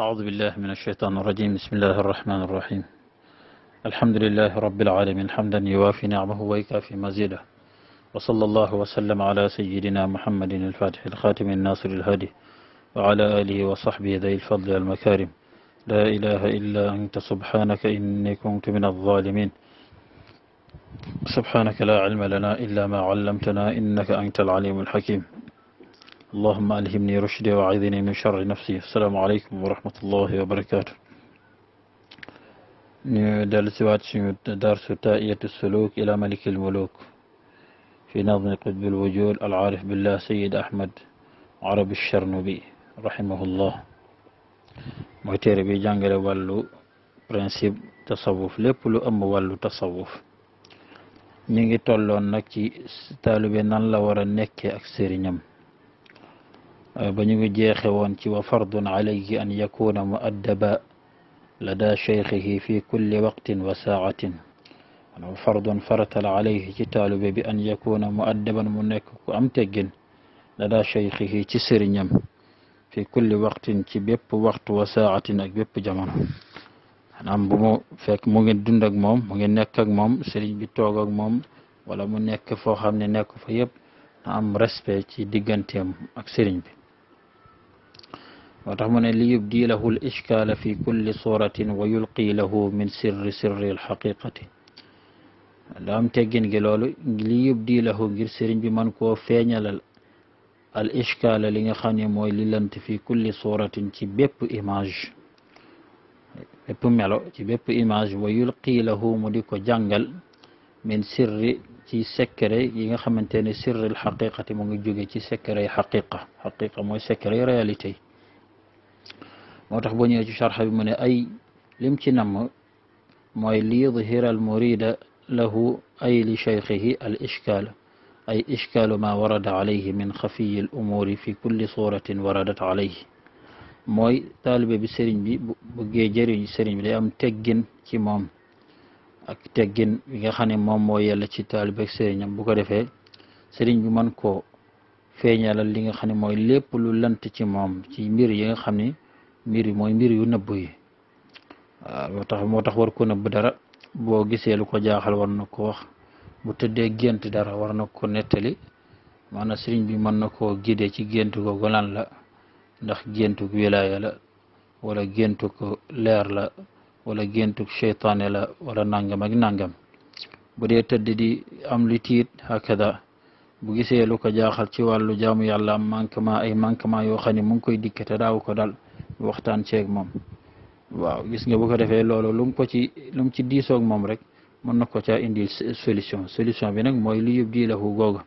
أعوذ بالله من الشيطان الرجيم بسم الله الرحمن الرحيم الحمد لله رب العالمين حمدا يوافي نعمه ويكافي مزيده وصلى الله وسلم على سيدنا محمد الفاتح الخاتم الناصر الهادي وعلى آله وصحبه ذي الفضل والمكارم لا إله إلا أنت سبحانك إني كنت من الظالمين سبحانك لا علم لنا إلا ما علمتنا إنك أنت العليم الحكيم اللهم ألهمني رشدي وأعذني من شر نفسي السلام عليكم ورحمة الله وبركاته دلسوات درس تائية السلوك إلى ملك الملوك في نظم قطب الوجود العارف بالله سيد أحمد عرب الشرنوبي رحمه الله مهتر بي جانجل والو برنسيب تصوف لبلو أم والو تصوف tasawuf ñu ngi tolloon nag ci taalibe nan la بنيو جيخوان وانتي وفرض عليه أن يكون مؤدبا لدى شيخه في كل وقت وساعة وفرض فرتل عليه جتالب بأن يكون مؤدبا منكك أمتج لدى شيخه تسرنم في كل وقت تبب وقت وساعة بيب جمان نعم بمو فك مغن دندق موم مغن نكك موم سرين بطوغك موم ولا مو نك فو خامن يب نعم رسبة كي ديگان تيم أكسرين بي وتحمل ليبدي له الإشكال في كل صورة ويلقي له من سر سر الحقيقة لام تجن جلولو ليبدي له غير سرين بمن كو فينال الإشكال لين خاني موي للنت في كل صورة تبيب إيماج بيب ميلو تبيب إيماج ويلقي له مدكو جنجل من سر تي سكري يغا خمنتيني سر الحقيقه مونغي جوغي تي سكري حقيقه حقيقه موي سكري رياليتي moo tax boo ñëwee ci charxa bi mu ne ay lim ci namm mooy li yudhira al murida lahu ay li cheikhihi al ishkaal ay ishkaalu ma warada alayhi min xafiyi al umuuri fi kulli suratin waradat alayhi mooy taalibe bi sëriñ bi bu bëggee jëriñ sëriñ bi day am teggin ci moom ak teggin bi nga xam ne moom moo yella ci taalibe ak sëriñam bu ko defee sëriñ bi mën koo feeñalal li nga xam ne mooy lépp lu lant ci moom ci mbir yi nga xam ne mbir mooy mbir yu nëbb yi moo tax moo tax war ko nëbb dara boo gisee lu ko jaaxal war na ko wax bu tëddee gént dara war na ko nettali maanaam sëriñ bi mën na koo gidee ci géntug ko lan la ndax géntug wilaaya la wala géntug leer la wala géntug cheytaane la wala nàngam ak nàngam bu dee tëdd di am lu tiit hakada bu gisee lu ko jaaxal ci wàllu jaamu yàlla manquement ay manquement yoo xam ne mu ngi koy dikkate daaw ko dal waxtaan ci ak mom waaw gis nga bu ko defé loolu lu ko ci lu ci diso ak mom rek mën nako ko indi solution solution bi nak moy lu yëb dii lahu googa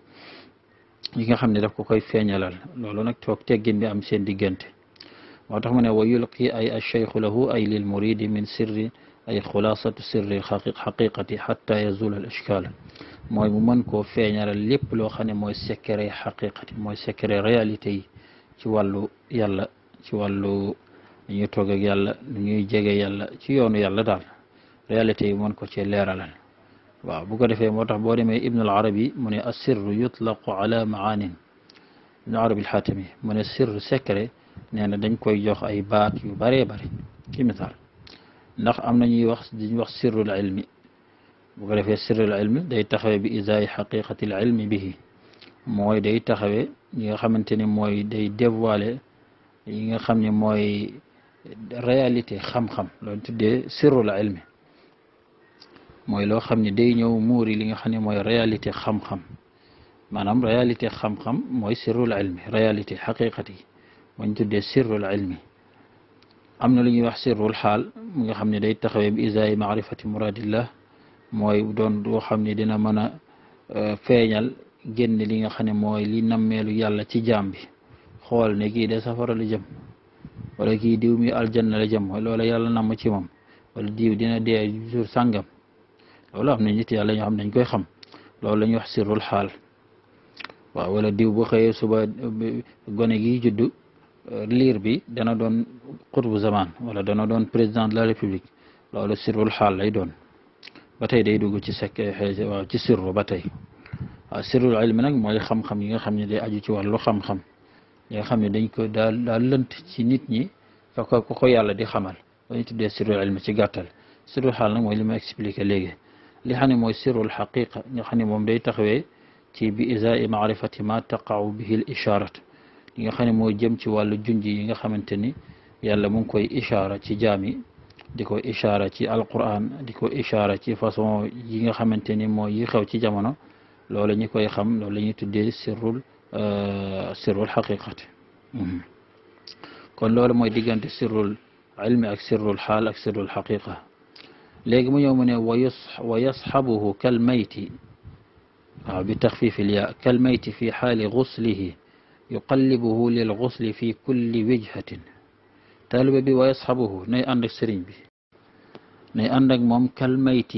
yi nga xamni daf ko koy feñalal loolu nak tok teggin bi am seen digënté motax tax mu ne wa yulqi ay shaykh lahu ay lil murid min sirr ay sirr haqiq haqiqati hatta yazul al ishkal moy mu man ko feñalal lépp lo xam moy secret haqiqati moy secret réalité ci walu yàlla ci wàllu nu ñuy toog ak yàlla nu ñuy jege yàlla ci yoonu yàlla daal réalité yi mën ko ci leeralal waaw bu ko defee moo tax boo demee ibnu al arabi mu ne assirru yutlaqu ala maanin ibnu arabi alxaatami mu ne sirru secret nee na dañ koy jox ay baat yu bëree bëri ci misaal ndax am na ñuy wax diñ wax sirrul ilmi bu ko defee sirrul ilmi day taxawee bi isaay xaqiqatil ilmi bihi mooy day taxawee ñi xamante ni mooy day dévoiler yi nga xam ne mooy réalité xam-xam loolu tuddee sirrul ilmi mooy loo xam ne day ñëw muuri li nga xam ne mooy réalité xam-xam maanaam réalité xam-xam mooy sirrul ilmi réalité xaqiqati buñ tuddee sirrul ilmi am na lu ñuy wax sirrul xaal mu nga xam ne day taxawee bi isaay maarifati muradillah mooy doon loo xam ne dina mën a euh, feeñal génn li nga xam ne mooy li nammeelu yàlla ci jaam bi xool ne kii de safara la jëm wala kii diw mi aljanna la jëm loola yàlla namm ci moom wala diw dina dee jur sàngam loolu am na nit yàlla ñoo xam dañ koy xam loolu la wax sirrul xaal waaw wala diw bu xëyee suba gone gi juddu liir bi dana doon xutbu zaman wala dana doon président de la république loolu sirrul xaal lay doon ba tey day dugg ci sek waaw ci sirru ba tey waaw sirrul ilmi nag mooy xam yi nga xam ne day aju ci wàllu xam-xam ñi nga xam ne dañ ko daal daal lënt ci nit ñi fa ko ko yàlla di xamal dañu tuddee sirrul ilmi ci gàttal sirrul xaal nag mooy li ma expliqué léegi li xam ne mooy sirrul xaqiqa nga xam ne moom day taxawee ci bi isaai maarifati ma taqaau bihi l isharat li nga xam ne mooy jëm ci wàllu junj yi nga xamante ni yàlla mu ngi koy ishaara ci jaam yi di ko ishaara ci alquran di ko ishaara ci façon yi nga xamante ni mooy yi xew ci jamono loolu ñi koy xam loolu la ñuy tuddee sirrul آه، سر الحقيقة كون لول موي ديغانت سر العلم أكسر الحال أكسر الحقيقة ليك يومنا يوم ويصحبه كالميت آه، بتخفيف الياء كالميت في حال غسله يقلبه للغسل في كل وجهة تالو بي ويصحبه ني عندك سرين بي ني عندك مم كالميت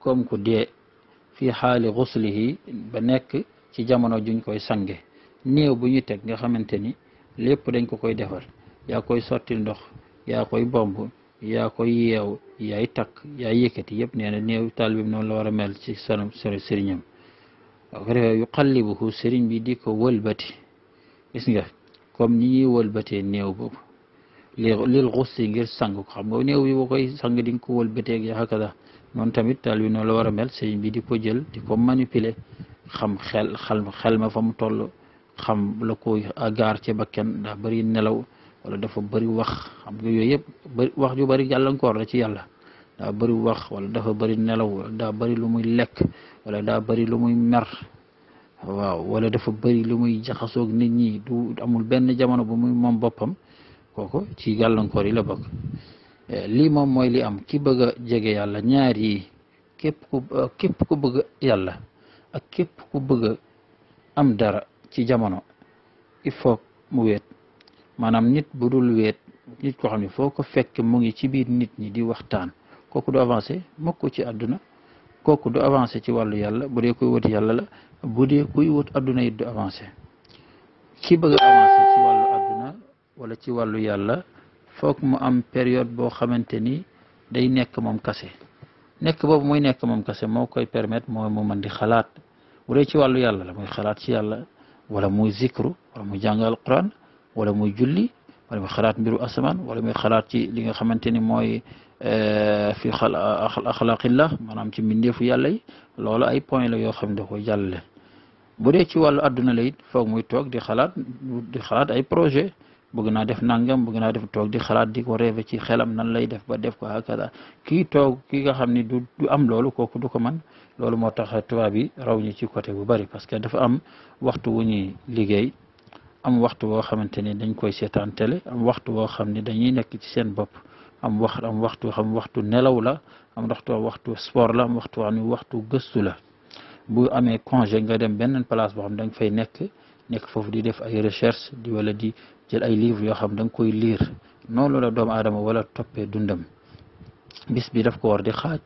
كوم كو دي في حال غسله بنك ci jamono juñ koy sange néew bu ñu teg nga xamante ni lépp dañ ko koy defar yaa koy sottil ndox yaa koy bomb yaa koy yeew yaay takk yaay yëkkati yëpp nee na néew taalibe bi noonu la war a mel ci sanam sëriñam ko defee bi di ko wëlbati gis nga comme ni ñuy wëlbatee néew boobu li lil xusli ngir sang xam nga néew bi boo koy sang di nga ko wëlbatee ak yaa xakada noonu tamit taalibe bi noonu la war a mel sëriñ bi di ko jël di ko manipule xam xel xel xel ma fa mu toll xam la ko gaar ci bakkan daa bari nelaw wala dafa bari wax xam nga yooyu yëpp wax ju bari gàllankoor la ci yàlla daa bëri wax wala dafa bari nelaw wala daa bari lu muy lekk wala daa bëri lu muy mer waaw wala dafa bari lu muy jaxasoog nit ñi du amul benn jamono bu muy moom boppam kooku ci gàllankoor yi la bokk eh, lii moom mooy li am ki bëgg jege yàlla ñaar yi képp ku képp ku bëgg yàlla ak képp ku bëgg am dara ci jamono il faut mu weet maanaam nit bu dul weet nit koo xam ne foo ko fekk mu ngi ci biir nit ñi di waxtaan kooku du avancé mukk ci àdduna kooku du avancé ci wàllu yàlla bu dee kuy wut yàlla la bu kuy wut àdduna it du avancé ki bëgg avancé ci wàllu àdduna wala ci wàllu yàlla fook mu am période boo xamante ni day nekk moom kase nek bobu moy nek mom kasse moo koy permettre moy mo man di khalat bu ci walu yàlla la moy khalat ci yàlla wala moy zikru wala moy jangal alquran wala moy julli wala moy khalat mbiru asman wala moy khalat ci li nga xamanteni moy fi khala akhlaqillah manam ci mindeefu yàlla yi lolu ay point la yo xam da ko jalle bu dee ci walu aduna la it moy tok di khalat di khalat ay projet bëgg naa def nangam bëgg naa def toog di xalaat di ko rêve ci xelam nan lay def ba def ko hakada kii toog ki nga xam ni du am loolu kooku du ko man loolu moo tax tubaab yi raw ñu ci côté bu bari parce que dafa am waxtu wu ñuy liggéey am waxtu woo xamante ni dañ koy seetaan télé am waxtu woo xam ni dañuy nekk ci seen bopp am wax am waxtu xam waxtu nelaw la am waxtu waxtu sport la am waxtu waxtu gëstu la bu amee congé nga dem benn palace boo xam da nga fay nekk nekk foofu di def ay recherche di wala di jël ay livres yoo xam da nga koy liir noonu la doomu aadama wala toppee dundam bis bi daf ko war di xaaj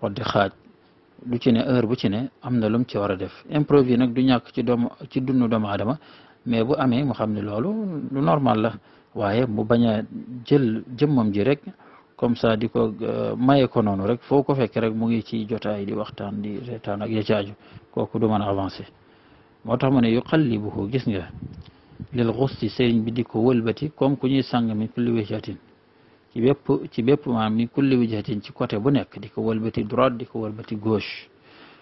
war di xaaj lu ci ne heure bu ci ne am na lum ci war a def imprévu nag du ñàkk ci doomu ci dundu doomu mais bu amee mu xam ne loolu lu normal la waaye mu bañ a jël jëmmam ji rek comme ça di ko euh, maye ko noonu rek foo ko fekk rek mu ngi ci yi di waxtaan di reetaan ak ya caaju kooku du mën a avancer. motax mané yuqallibuhu gis nga lil xusti sayn bi diko walbati kom comme ku ñuy sang mi kulli wajhatin ci bépp ci bépp ma mi kulli wajhatin ci côté bu nek diko walbati wëlbati droite di ko gauche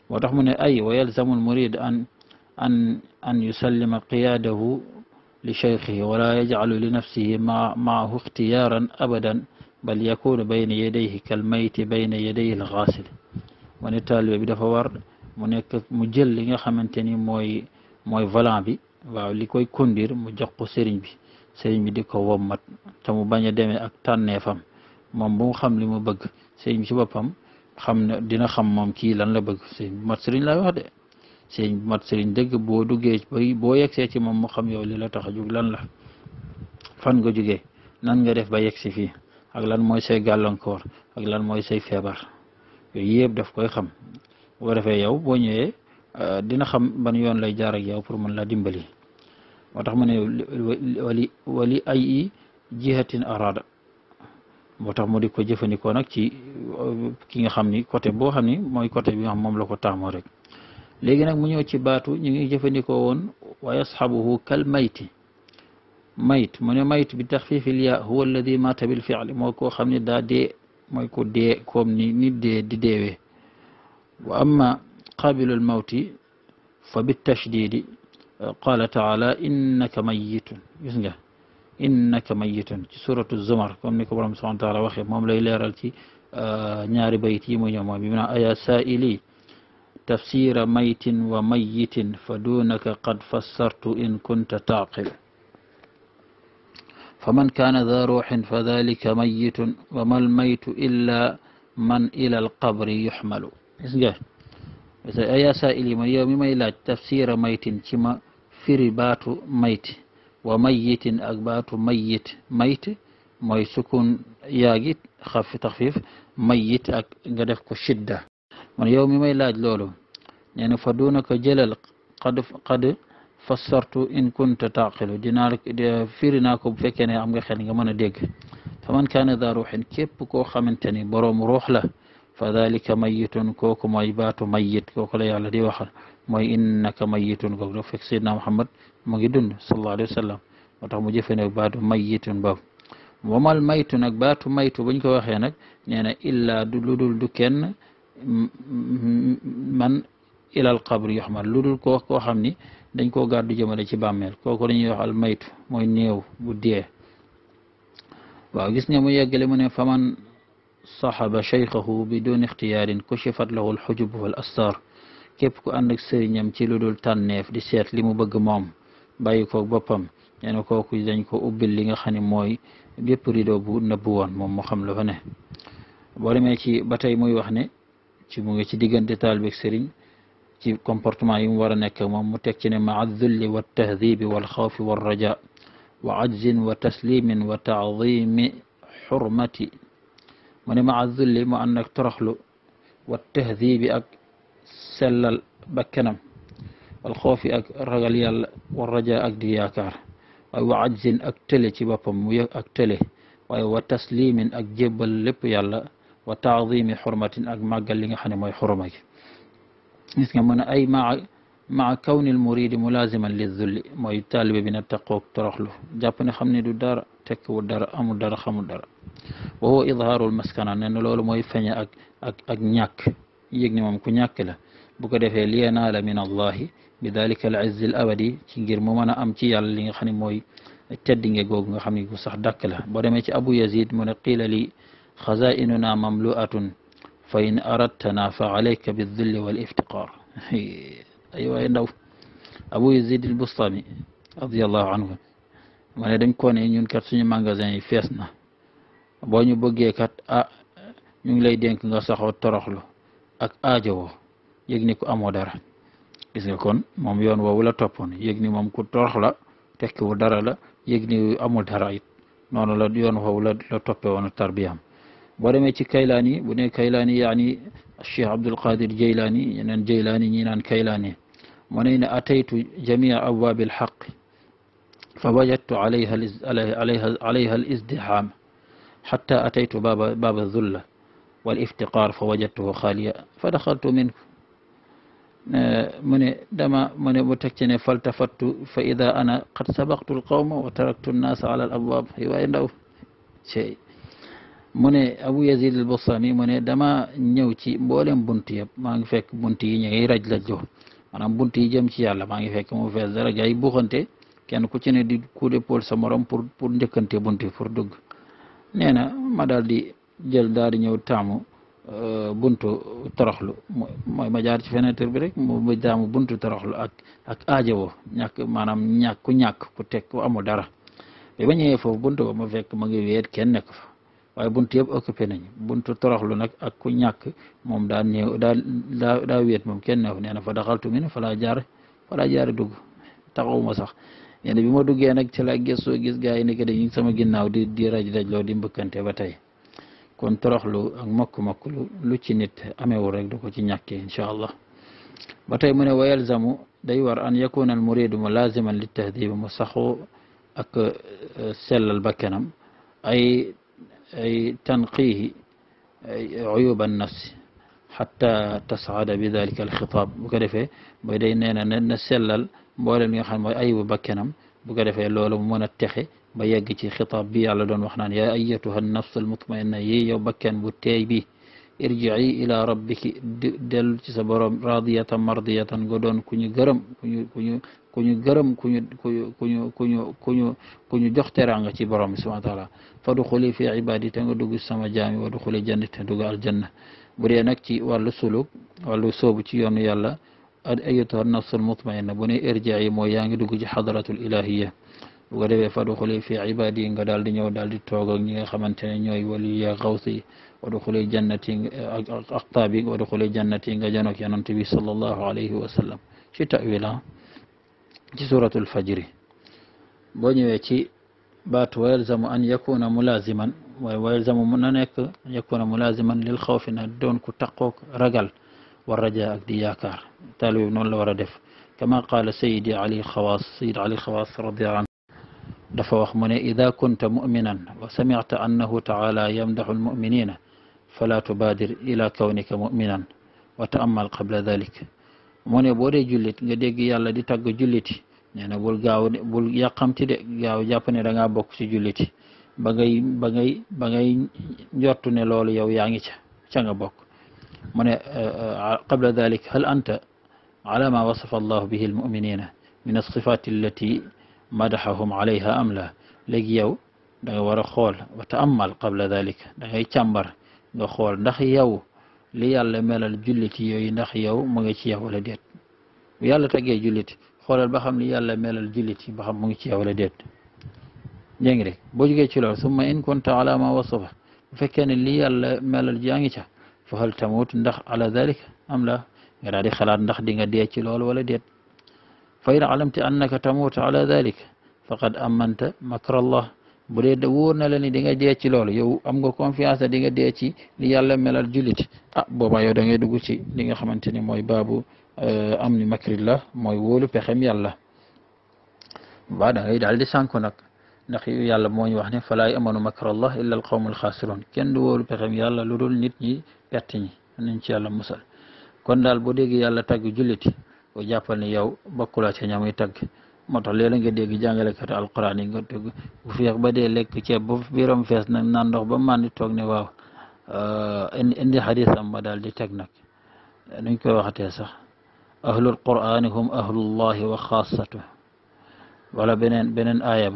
motax mané ay wa yalzamul murid an an an yusallima qiyadahu li cheikhihi wala yajcalu li nafsihi ma maahu ixtiyaaran abadan bal yakunu bayna yadayhi kalmayti bayna yadayhi alxaasil mu ne taalibe bi dafa war mu nekk mu jël li nga xamante ni mooy volant bi waaw li koy conduire mu jox ko sëriñ bi sëriñ bi di ko wommat te tamu bañ a demee ak tànneefam moom boo xam li mu bëgg sëriñ bi ci boppam xam ne dina xam moom kii lan la bëgg sëriñ bu mat sëriñ lay wax de sëriñ bu mat sëriñ dëgg boo duggee bay boo yegsee ci moom mu xam yow li la tax a jug lan la fan nga jugee nan nga def ba yegsi fii ak lan mooy say gàllankoor ak lan mooy say feebar yooyu yëpp daf koy xam bu ko defee yow boo ñëwee Euh, dina xam ban yoon lay jaar ak yow pour mën laa dimbali moo tax mu ne wali wali ay jihatin arada moo tax mu di ko jëfandikoo nag ci euh, ki nga xam ni côté boo xam ni mooy côté bi nga xam moom la ko taamoo rek léegi nag mu ñëw ci baatu ñu ngi jëfandikoo woon wa yasxabuhu kal mayti mayt mu ne mayt bi taxfifil yaa huwa alladi mata bil fi'li moo koo xam ne daa dee mooy ko dee comme ni nit dee di deewee wa amma قابل الموت فبالتشديد آه، قال تعالى إنك ميت إنك ميت سورة الزمر كم نكبر رب سبحانه وتعالى وخير مام ليلة رلتي آه، نار بيتي مجمع بمنا أيا سائلي تفسير ميت وميت فدونك قد فسرت إن كنت تعقل فمن كان ذا روح فذلك ميت وما الميت إلا من إلى القبر يحمل aya saa'ili man yow may laaj tafsira maytin ci ma firi baatu mayti wa mayitin ak baatu mayit mayt mooy sukun yaagi xaf taxfif mayit ak nga def ko shidda man yow mi may laaj loolu nee na fa duunaka jëlal qad qad fassartu in kunta taqilu dinaa firi naa ko bu fekkee ne am nga xel nga mën a dégg kaana daa ruuxin képp koo xamante ni boroom ruux la fa dalika mayitun kooku mooy baatu mayit kooku la yàlla di waxal mooy innaka mayitun kooku dafa fekk sayyidna Muhammad mo ngi dund sallallahu alayhi wa sallam moo tax mu jëfandikoo baatu mayitun boobu wamal maytu nag baatu maytu ñu ko waxee nag nee na illaa du ludul du kenn man ilal qabri yoxmal ludul koo koo xam ni dañ koo du jëmale ci bàmmeel kooku la ñuy wax al maytu mooy néew bu dee gis nga mu yeggale mu ne faman صاحب شيخه بدون اختيار كشفت له الحجب والأستار كيف كأنك سرينيام تيلو دول تانيف دي سيات لي مبغ موم بايكو بابام يعني كوكو زنكو أبل لغا خاني موي بيب ريدو بو نبوان موم مخام لفنه بوليميكي باتاي موي وحني تي موغي تي ديگان دي تالبك سرين تي كمبرتما يوم ورنك موم متكين مع الذل والتهذيب والخوف والرجاء وعجز وتسليم وتعظيم حرمتي مني مع الظل مو أنك ترخلو والتهذيب أك سلل بكنم والخوف أك رغليال والرجاء أك دياكار وعجز أك تلي تباكم أك تلي وتسليم أك جبل لب يالا وتعظيم حرمة أك مقال حني موي حرمك نسكا من أي مع مع كون المريد ملازما للذل ما يطالب بنا التقوى ترخلو جابني خمني دو دار تك ودر أم ودر خم ودر وهو إظهار المسكنة لأن لول ما يفني أك أك أك نيك يجني مم كنيك له بقدر في لينا من الله بذلك العز الأبدي تجير ممنا أم تي على اللي خني موي تدين جوج خمي وصح دك له بدر أبو يزيد من قيل لي خزائننا مملوءة فإن أردتنا فعليك بالذل والافتقار أيوة أبو يزيد البصامي رضي الله عنه waaye dañ ko ne ñun kat suñu magasin yi fees na boo ñu bëggee kat ah ñu ngi lay dénk nga saxoo toroxlu ak aajowoo yëg ni ku amoo dara gis nga kon moom yoon wow la toppoon yëg ni moom ku torox la tekkiwu dara la yëg ni amul dara it noonu la yoon woowu la la toppe woon tarbiyaam boo demee ci kaylaani bu ne kaylaani yaani cheikh abdul qadir jaylaani ñeneen jaylaani ñi naan kaylaani mu ne ne ataytu jamia abwaabil xaq فوجدت عليها عليها عليها الازدحام حتى أتيت باب باب الذلة والافتقار فوجدته خاليا فدخلت منه آه، من دما من متكتن فالتفت فإذا أنا قد سبقت القوم وتركت الناس على الأبواب هو إنه أيوة، شيء من أبو يزيد البصامي من دما نيوتي بولم بنتي ما فيك بنتي ني رجل جو أنا بنتي جمشي على ما فيك مو في الزرع بوخنتي kenn ku ci ne di coup d'épaule sa morom pour pour ndekante bunti pour dug neena ma daldi di jël daal ñew tamu euh, buntu toroxlu moy ma jaar ci fenêtre bi rek ma taamu buntu toroxlu ak ak aajowoo ñak manam ñak ku ñak ku tek ku amul dara bi ba ñewé fofu buntu ba ma fekk ma ngi wéet kenn nek fa waaye buntu yeb occupé nañ buntu toroxlu nak ak ku ñak mom da ñew daa da wéet mom kenn neew nee fa daxaltu min fa la jaar fa la jaar dug taxawuma sax yang lebih mudah juga duggee nag ci la gëstoo gis gaa yi nekk sama ginnaaw di dia raj raj loo di mbëkkante ba tey kon toroxlu ak mokk lu lu ci nit amewul rek du ko ci ñàkkee incha allah ba tey mu ne wa yalzamu war an yakuna al muridu mulaziman li tahdibi mu saxu ak al bakanam ay ay tanqih عيوب nafsi حتى tasaada بذلك الخطاب alxitaab bu ko defee ba بولا مي خام اي بكنم بو غافا لولو مونا تخي با يغ سي خطاب بي يالا دون وخنان يا ايتها النفس المطمئنه يي يو بكن بو تاي بي ارجعي الى ربك دل سي سا بروم راضيه مرضيه غدون كوني غرم كوني كوني كوني غرم كوني كوني كوني كوني كوني جوخترانغا سي بروم سبحانه وتعالى فدخلي في عبادي تنغ دوغ سما جامي ودخلي جنته دوغ الجنه بودي نك سي والو سلوك والو صوب سي يونو أيتها النص المطمئن بني إرجعي مويانج دوكي حضرة الإلهية وغلبي فادخلي في عبادي إنك دال دينيو دال دي توغن نيغا خمان تنينيو وليا غوثي ودخلي جنة أقطابي ودخلي جنة إنك جنوك ينون تبي صلى الله عليه وسلم شي تأويلا جي سورة الفجر بني ويتي بات ويلزم أن يكون ملازما ويلزم من أن يكون ملازما للخوف إن دون كتقوك رجل والرجاء دياكار تالو نون لا وردف كما قال سيدي علي خواص سيد علي خواص رضي عنه دفا واخ اذا كنت مؤمنا وسمعت انه تعالى يمدح المؤمنين فلا تبادر الى كونك مؤمنا وتامل قبل ذلك من بودي جوليت nga deg yalla di tag julliti neena bul gaaw bul yaqamti de gaaw japp da nga bok ci julliti ba ngay ba ngay ba ngay njortu ne yow ca ca nga من آه، آه، قبل ذلك هل أنت على ما وصف الله به المؤمنين من الصفات التي مدحهم عليها أم لا لقيوا دغور خول وتأمل قبل ذلك دغي تشمبر دخول ندخ يو لي يالا ملال جوليتي يوي ندخ يو موغي سي يا ولا ديت يالا تاغي جوليت خولال با خام لي يالا ملال جوليتي يا ولا ثم ان كنت على ما وصف فكان لي مال ملال فهل تموت ندخ على ذلك أم لا يراري خلال ندخ دي نديك لول ولا فإن علمت أنك تموت على ذلك فقد أمنت مكر الله بودي دوور نالا ني ديغا ديتي لول يو امغو كونفيانس ديغا ديتي لي يالا ميلال جوليت ا بوبا يو داغي دوغتي ليغا خامتيني موي بابو ام ني مكر الله موي وولو فخيم يالا با داغي دالدي سانكو نك ndax yu yàlla moo ñu wax ne falaa yamanu makrallah illa al qawmu alxaasiroon kenn du wóolu pexem yàlla lu dul nit ñi perte nañ ci yàlla musal kon daal boo dégg yàlla tagg julliti o jàppal ne yow bokkulaa ca ñamuy tagg moo tax léeg-léeg nga dégg jàngalekatu alquran yi nga dégg bu dee lekk ceeb ba biiram fees nag naan ndox ba màndi toog ne waaw euh, indi indi daal di teg nag nuñ koy waxatee sax ahlul qurani hum ahlullahi wa xaasatu beneen beneen aaya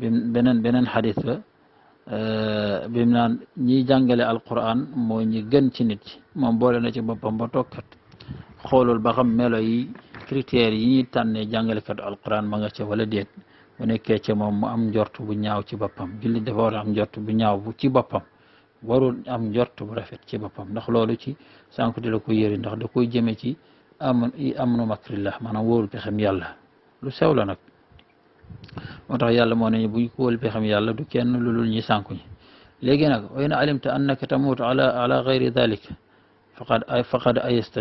beneen beneen xadis ba euh, bim naan ñiy jàngale alquran moo ñi gën ci nit ci moom boole na ci boppam toog tokkat xoolul ba xam melo yi critères yi ñuy tànnee jàngalekatu alquran ma nga ca wala déet bu nekkee ca moom mu am njort bu ñaaw ci boppam jullit dafa war a am njort bu ñaaw bu ci boppam warul am njort bu rafet ci boppam ndax loolu ci sànq di la ko yëri ndax da koy jëme ci am amnu makrillah maanaam wóorul pexem yàlla lu sew la nag moo tax yàlla moo ne buñ ko wëlbee xam yàlla du kenn lu ñi sànku ñi léegi nag wa in alimta annaka tamuut ala ala gayri dalik faqad faqad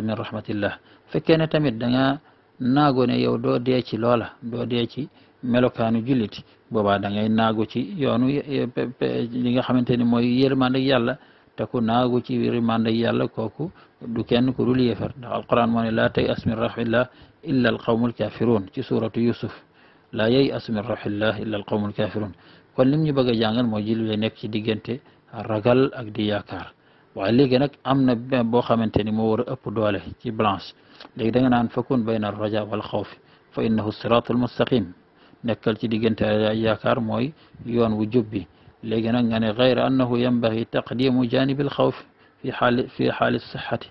min rahmatillah fekkee ne tamit da nga naago ne yow doo dee ci loola doo dee ci melokaanu jullit boobaa da ngay naago ci yoonu li nga xamante ni mooy yërmande yàlla te ku naago ci yërmande yàlla kooku du kenn ku dul yéefar ndax alquran moo ne laa tay as min rahmatillah illa alqawmu alkafirun ci suratu yusuf لا ييأس من روح الله إلا القوم الكافرون ولمني بقى جانغان موجيل لنك ديجنتي الرجل اك دياكار وعليك نك امن بوخا من تاني مور أبو دوله كي بلانس لك دانان فكون بين الرجاء والخوف فإنه الصراط المستقيم نكال تي ديغنتي دياكار موي يون وجوبي لك نغان غير أنه ينبغي تقديم جانب الخوف في حال في حال الصحة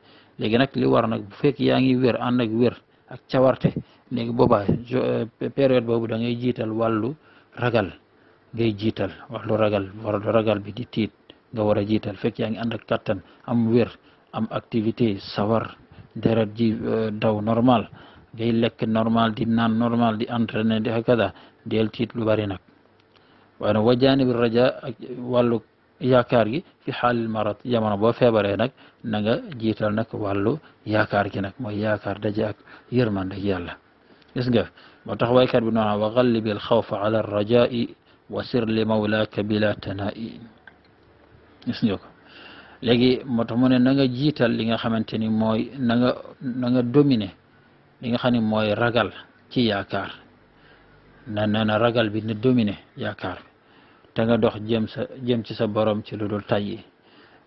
لك نك لورنك فيك يعني وير أنك وير اك léegi boobaa euh, période boobu da ngay jiital wàllu ragal ngay jiital wallu ragal ragal bi di tiit nga war a jiital fekk yaa ngi ànd ak kattan am wér am activité sawar deret ji euh, daw normal ngay lekk normal di naan normal di entraîner di hakada del tiit lu bari nag waaye nag wajaani bi raja ak wàllu yaakaar gi fi xaalil marat jamono boo feebaree nag na nga jiital nag wàllu yaakaar gi nag mooy yaakaar daje ak yërmande yàlla gis nga moo tax waykat bi noona wa gallib al xawfa ala rajai wa sir li mawlaaka bila tanaa'i gis nga ko léegi moo tax mu ne na nga jiital li nga xamante ni mooy na nga na nga dominer li nga xam ne mooy ragal ci yaakaar na na ragal bi ne dominer yaakaar bi te nga dox jëm sa jëm ci sa borom ci lu dul tayyi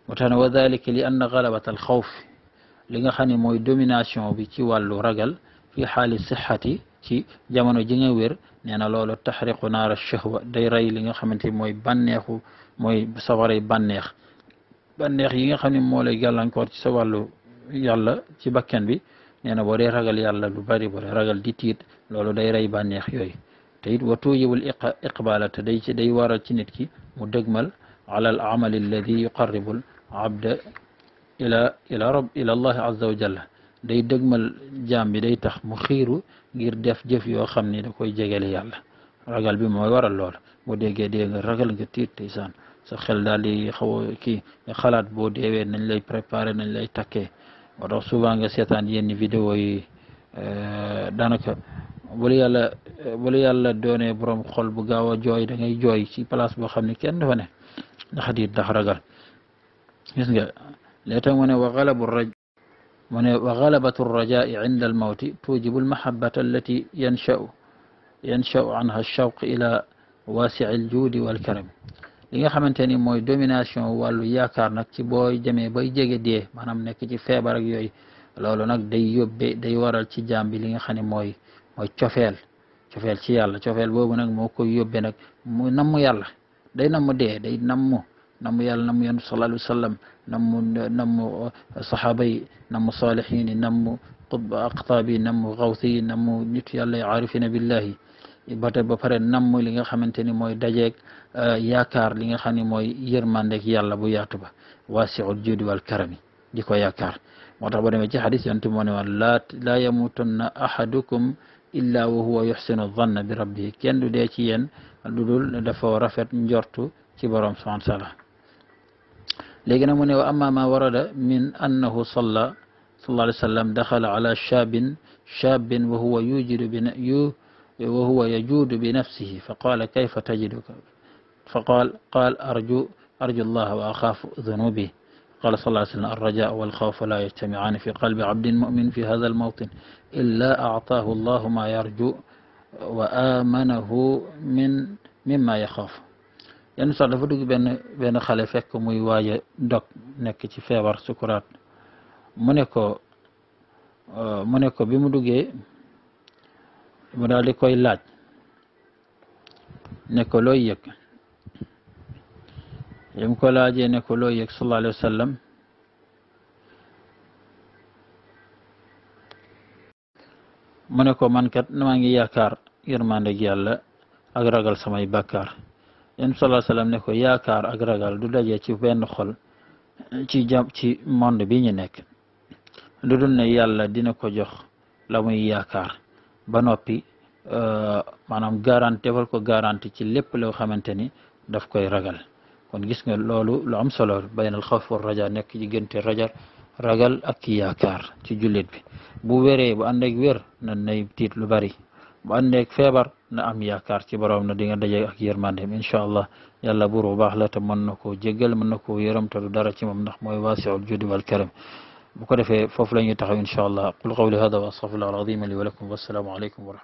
moo tax ne wa dalika li anna galabat al xawf li nga xam ne mooy domination bi ci wàllu ragal fi xaali sixati ci jamono ji nga wér nee na loolu taxriqu naara shahwa day rey li nga xamante ni mooy bànneexu mooy sawaray bànneex bànneex yi nga xam ne moo lay gàllankoor ci sa wàllu yàlla ci bakken bi nee na boo dee ragal yàlla lu bari boo dee ragal di tiit loolu day rey bànneex yooyu te it wa tuujibul iqbaala te day ci day waral ci nit ki mu dëgmal ala al amali alladi yuqarribul abda ila ila rabb ila allahi azza wa jalla day dëgmal jaam bi day tax mu xiiru ngir def jëf yoo xam ni da koy jegele yàlla ragal bi mooy waral lool boo déggee dee nga ragal nga tiir tey saan sa xel daal di xaw a kii xalaat boo deewee nañ lay préparer nañ lay takkee moo tax souvent nga seetaan yenn vidéo yi euh, daanaka bala yàlla bala yàlla doonee borom xol bu gaaw a jooy da ngay jooy ci place boo xam ne kenn dafa ne ndax diit ndax ragal gis nga léeg-léeg mu wa galabu raj وغلبة الرجاء عند الموت توجب المحبة التي ينشأ ينشأ عنها الشوق إلى واسع الجود والكرم لغا خمنتيني موي دوميناسيون والو ياكار نك سي بوي جامي باي جيغي دي مانام نيك سي فيبر يوي لولو نك داي يوبي داي وارال سي جامبي لي خاني موي موي نمو يال نمو ين صلى الله عليه وسلم نمو نمو صحابي نمو صالحين نمو قطب أقطابي نمو غوثي نمو نيت يال عارفين بالله باتا بفر نمو لينغا خامنتيني موي داجيك ياكار لينغا خاني موي يرماندك يالا بو ياتوبا واسع الجود والكرم ديكو ياكار موتاخ بو ديمي حديث يونتي موني لا يموتن احدكم الا وهو يحسن الظن بربه كيان دو دي سي يين دودول دا فو رافيت نجورتو سي بروم سبحانه وتعالى لكن من وأما ما ورد من أنه صلى صلى الله عليه وسلم دخل على شاب شاب وهو يجد وهو يجود بنفسه فقال كيف تجدك فقال قال أرجو أرجو الله وأخاف ذنوبي قال صلى الله عليه وسلم الرجاء والخوف لا يجتمعان في قلب عبد مؤمن في هذا الموطن إلا أعطاه الله ما يرجو وآمنه من مما يخافه yenn sax dafa dugg benn benn xale fekk muy waaj dog nekk ci feebar sukuraat mu ne ko euh, mu ne ko bi mu duggee mu daal di koy laaj ne ko looy yëg yém ko laaje ne ko looy yëg sallallahu alayhi wa mu ne ko man kat ngi yaakaar yërmande gi yàlla ak ragal samay bàkkaar yéen salaa salaam ne ko yaakaar ak ragal du daje ci benn xol ci jam ci monde bi ñu nekk lu dul ne yàlla dina ko jox la muy yaakaar ba noppi euh, maanaam garanti defal ko garanti ci lépp loo xamante ni daf koy ragal kon gis nga loolu lu am solo baynal xawf war raja nekk diggante rajar ragal ak yaakaar ci jullit bi bu wéree bu ànd ak nan nay tiit lu bari bu ànd feebar na am yaakaar ci borom na di nga daje ak yërmandeem incha allah yàlla buur bu baax la te mën na koo jéggal mën na koo yërëm te du dara ci moom ndax mooy waasiul judi wal karam bu ko defee foofu la ñuy taxaw incha allah qul qawli hada wa astaghfirullah al azim li wa lakum wassalaamu aleykum